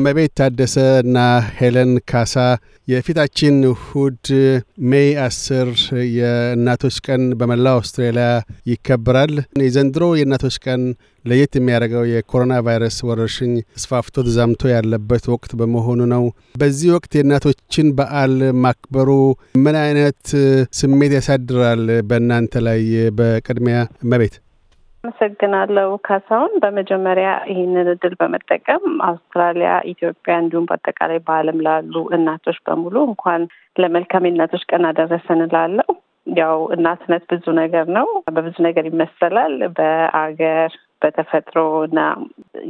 እመቤት ታደሰ እና ሄለን ካሳ የፊታችን እሁድ ሜይ አስር የእናቶች ቀን በመላው አውስትራሊያ ይከበራል። የዘንድሮ የእናቶች ቀን ለየት የሚያደርገው የኮሮና ቫይረስ ወረርሽኝ ተስፋፍቶ ተዛምቶ ያለበት ወቅት በመሆኑ ነው። በዚህ ወቅት የእናቶችን በዓል ማክበሩ ምን አይነት ስሜት ያሳድራል በእናንተ ላይ? በቅድሚያ እመቤት አመሰግናለሁ ካሳሁን። በመጀመሪያ ይህንን እድል በመጠቀም አውስትራሊያ፣ ኢትዮጵያ እንዲሁም በአጠቃላይ በዓለም ላሉ እናቶች በሙሉ እንኳን ለመልካም የእናቶች ቀን አደረሰን እላለሁ። ያው እናትነት ብዙ ነገር ነው፣ በብዙ ነገር ይመሰላል። በአገር በተፈጥሮ እና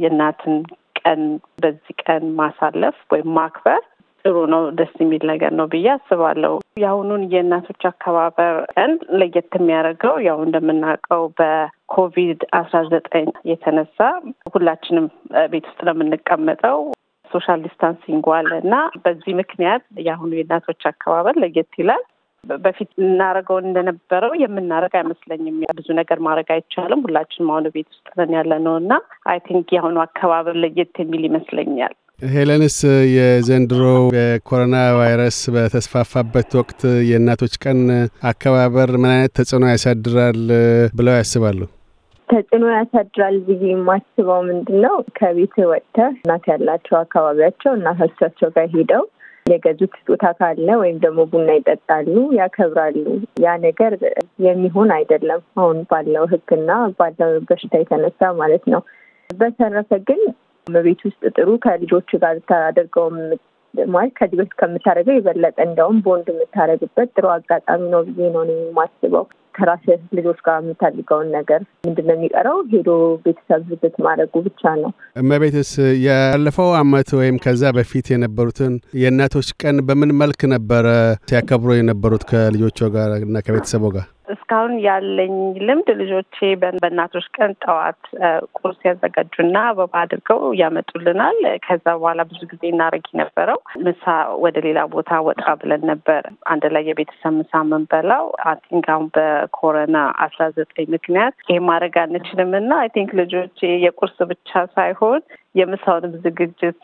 የእናትን ቀን በዚህ ቀን ማሳለፍ ወይም ማክበር ጥሩ ነው፣ ደስ የሚል ነገር ነው ብዬ አስባለሁ። የአሁኑን የእናቶች አከባበር ቀን ለየት የሚያደርገው ያው እንደምናውቀው በኮቪድ አስራ ዘጠኝ የተነሳ ሁላችንም ቤት ውስጥ ነው የምንቀመጠው። ሶሻል ዲስታንሲንግ ዋለ እና በዚህ ምክንያት የአሁኑ የእናቶች አከባበር ለየት ይላል። በፊት እናደርገው እንደነበረው የምናደርግ አይመስለኝም። ብዙ ነገር ማድረግ አይቻልም። ሁላችንም አሁኑ ቤት ውስጥ ነን ያለ ነው እና አይ ቲንክ የአሁኑ አከባበር ለየት የሚል ይመስለኛል። ሄለንስ የዘንድሮ የኮሮና ቫይረስ በተስፋፋበት ወቅት የእናቶች ቀን አከባበር ምን አይነት ተጽዕኖ ያሳድራል ብለው ያስባሉ? ተጽዕኖ ያሳድራል ብዬ የማስበው ምንድን ነው፣ ከቤት ወጥተህ እናት ያላቸው አካባቢያቸው እናቶቻቸው ጋር ሄደው የገዙት ስጦታ ካለ ወይም ደግሞ ቡና ይጠጣሉ፣ ያከብራሉ። ያ ነገር የሚሆን አይደለም አሁን ባለው ሕግና ባለው በሽታ የተነሳ ማለት ነው። በተረፈ ግን በቤት ውስጥ ጥሩ ከልጆች ጋር ታደርገው ማለት ከዚህ በፊት ከምታደርገው የበለጠ እንደውም ቦንድ የምታደርግበት ጥሩ አጋጣሚ ነው ብዬ ነው የማስበው። ከራስ ልጆች ጋር የምታድገውን ነገር ምንድን ነው የሚቀረው? ሄዶ ቤተሰብ ዝግት ማድረጉ ብቻ ነው። እመቤትስ ያለፈው አመት ወይም ከዛ በፊት የነበሩትን የእናቶች ቀን በምን መልክ ነበረ ሲያከብሮ የነበሩት ከልጆቿ ጋር እና ከቤተሰቦ ጋር? እስካሁን ያለኝ ልምድ ልጆቼ በእናቶች ቀን ጠዋት ቁርስ ያዘጋጁና አበባ አድርገው ያመጡልናል። ከዛ በኋላ ብዙ ጊዜ እናረግ ነበረው ምሳ ወደ ሌላ ቦታ ወጣ ብለን ነበር አንድ ላይ የቤተሰብ ምሳ የምንበላው። አይ ቲንክ አሁን በኮሮና አስራ ዘጠኝ ምክንያት ይሄ ማድረግ አንችልም እና አይ ቲንክ ልጆቼ የቁርስ ብቻ ሳይሆን የምሳውንም ዝግጅት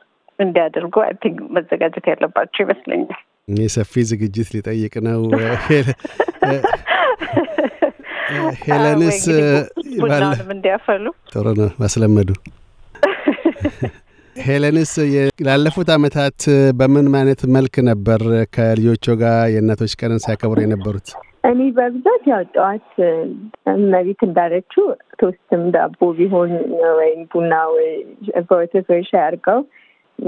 እንዲያደርጉ አይ ቲንክ መዘጋጀት ያለባቸው ይመስለኛል። የሰፊ ዝግጅት ሊጠይቅ ነው ሄለንስ ቡናውንም እንዲያፈሉ ጥሩ ነው ማስለመዱ። ሄለንስ ላለፉት አመታት በምን አይነት መልክ ነበር ከልጆቹ ጋር የእናቶች ቀንን ሲያከብሩ የነበሩት? እኔ በብዛት ያው ጠዋት እመቤት እንዳለችው ቶስትም ዳቦ ቢሆን ወይም ቡና ወይ በወተት ወይ ሻይ አድርገው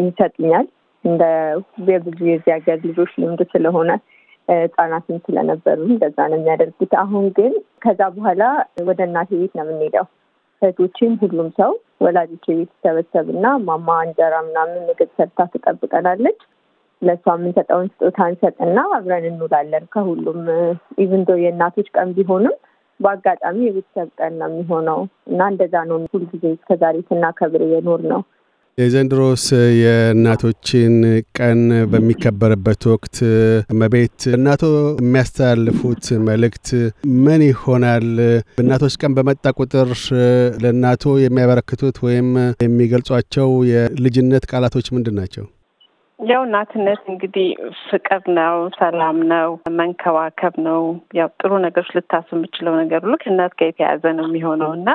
ይሰጡኛል። እንደ ብዙ የዚህ ሀገር ልጆች ልምድ ስለሆነ ህጻናትም ስለነበሩ እንደዛ ነው የሚያደርጉት። አሁን ግን ከዛ በኋላ ወደ እናቴ ቤት ነው የምንሄደው። እህቶቼም ሁሉም ሰው ወላጆች ቤት ይሰበሰብና ማማ እንጀራ ምናምን ምግብ ሰርታ ትጠብቀናለች። ለእሷ የምንሰጠውን ስጦታ እንሰጥና አብረን እንውላለን ከሁሉም ኢቭንዶ የእናቶች ቀን ቢሆንም በአጋጣሚ የቤተሰብ ቀን ነው የሚሆነው እና እንደዛ ነው ሁልጊዜ እስከዛሬ ስናከብር የኖር ነው። የዘንድሮስ የእናቶችን ቀን በሚከበርበት ወቅት መቤት እናቶ የሚያስተላልፉት መልእክት ምን ይሆናል? እናቶች ቀን በመጣ ቁጥር ለእናቶ የሚያበረክቱት ወይም የሚገልጿቸው የልጅነት ቃላቶች ምንድን ናቸው? ያው እናትነት እንግዲህ ፍቅር ነው፣ ሰላም ነው፣ መንከባከብ ነው። ያው ጥሩ ነገሮች ልታስብ የምችለው ነገር ሁሉ ከእናት ጋር የተያያዘ ነው የሚሆነው እና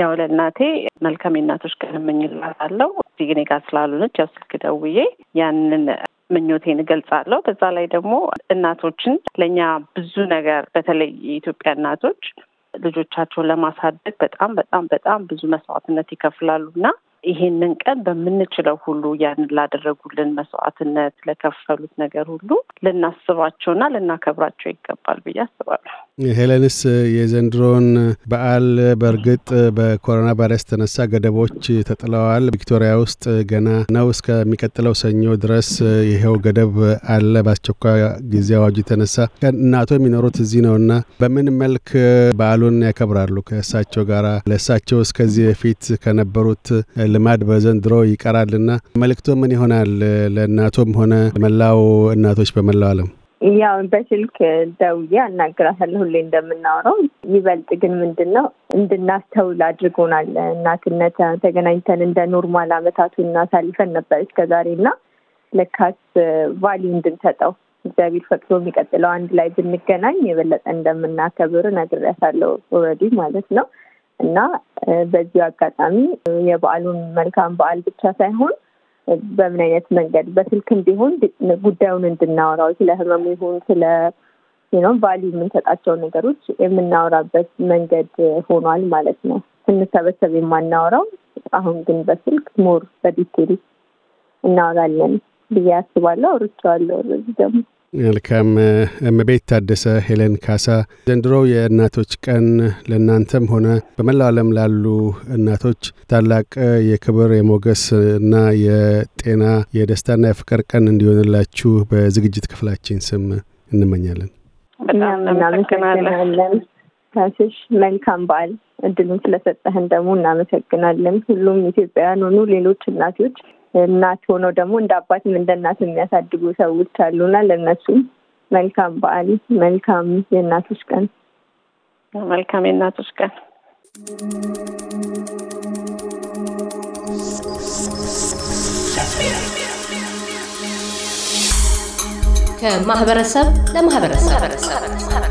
ያው ለእናቴ መልካም የእናቶች ቀን እመኝላታለሁ። እኔ ጋር ስላልሆነች ያው ስልክ ደውዬ ያንን ምኞቴን እገልጻለሁ። በዛ ላይ ደግሞ እናቶችን ለእኛ ብዙ ነገር በተለይ የኢትዮጵያ እናቶች ልጆቻቸውን ለማሳደግ በጣም በጣም በጣም ብዙ መስዋዕትነት ይከፍላሉ እና ይሄንን ቀን በምንችለው ሁሉ ያንን ላደረጉልን መስዋዕትነት ለከፈሉት ነገር ሁሉ ልናስባቸውና ልናከብራቸው ይገባል ብዬ አስባለሁ። ሄለንስ የዘንድሮን በዓል በእርግጥ በኮሮና ቫይረስ የተነሳ ገደቦች ተጥለዋል። ቪክቶሪያ ውስጥ ገና ነው። እስከሚቀጥለው ሰኞ ድረስ ይኸው ገደብ አለ። በአስቸኳይ ጊዜ አዋጁ የተነሳ እናቶ የሚኖሩት እዚህ ነው እና በምን መልክ በዓሉን ያከብራሉ? ከእሳቸው ጋር ለእሳቸው እስከዚህ በፊት ከነበሩት ልማድ በዘንድሮ ይቀራልና መልእክቶ ምን ይሆናል? ለእናቶም ሆነ መላው እናቶች በመላው ዓለም ያው በስልክ ደውዬ አናግራታለሁ ሁሌ እንደምናወራው። ይበልጥ ግን ምንድን ነው እንድናስተውል አድርጎናል። እናትነት ተገናኝተን እንደ ኖርማል አመታቱ እናሳልፈን ነበር እስከ ዛሬ እና ለካስ ቫሊ እንድንሰጠው እግዚአብሔር ፈቅዶ የሚቀጥለው አንድ ላይ ብንገናኝ የበለጠ እንደምናከብር ነግሬያታለሁ ኦልሬዲ ማለት ነው እና በዚሁ አጋጣሚ የበዓሉን መልካም በዓል ብቻ ሳይሆን በምን አይነት መንገድ በስልክም ቢሆን ጉዳዩን እንድናወራው ስለ ህመሙ ይሁን ስለ ነው ቫሊ የምንሰጣቸው ነገሮች የምናወራበት መንገድ ሆኗል ማለት ነው። ስንሰበሰብ የማናወራው አሁን ግን በስልክ ሞር በዲቴል እናወራለን ብዬ አስባለሁ። አውርቼዋለሁ ደግሞ መልካም እመቤት ታደሰ ሄሌን ካሳ፣ ዘንድሮ የእናቶች ቀን ለእናንተም ሆነ በመላው ዓለም ላሉ እናቶች ታላቅ የክብር የሞገስ እና የጤና የደስታና የፍቅር ቀን እንዲሆንላችሁ በዝግጅት ክፍላችን ስም እንመኛለን። እኛም መልካም በዓል። እድሉን ስለሰጠህን ደግሞ እናመሰግናለን። ሁሉም ኢትዮጵያውያን ሆኑ ሌሎች እናቶች እናት ሆነው ደግሞ እንደ አባትም እንደ እናት የሚያሳድጉ ሰዎች አሉና ለእነሱም መልካም በዓል፣ መልካም የእናቶች ቀን፣ መልካም የእናቶች ቀን። ከማህበረሰብ ለማህበረሰብ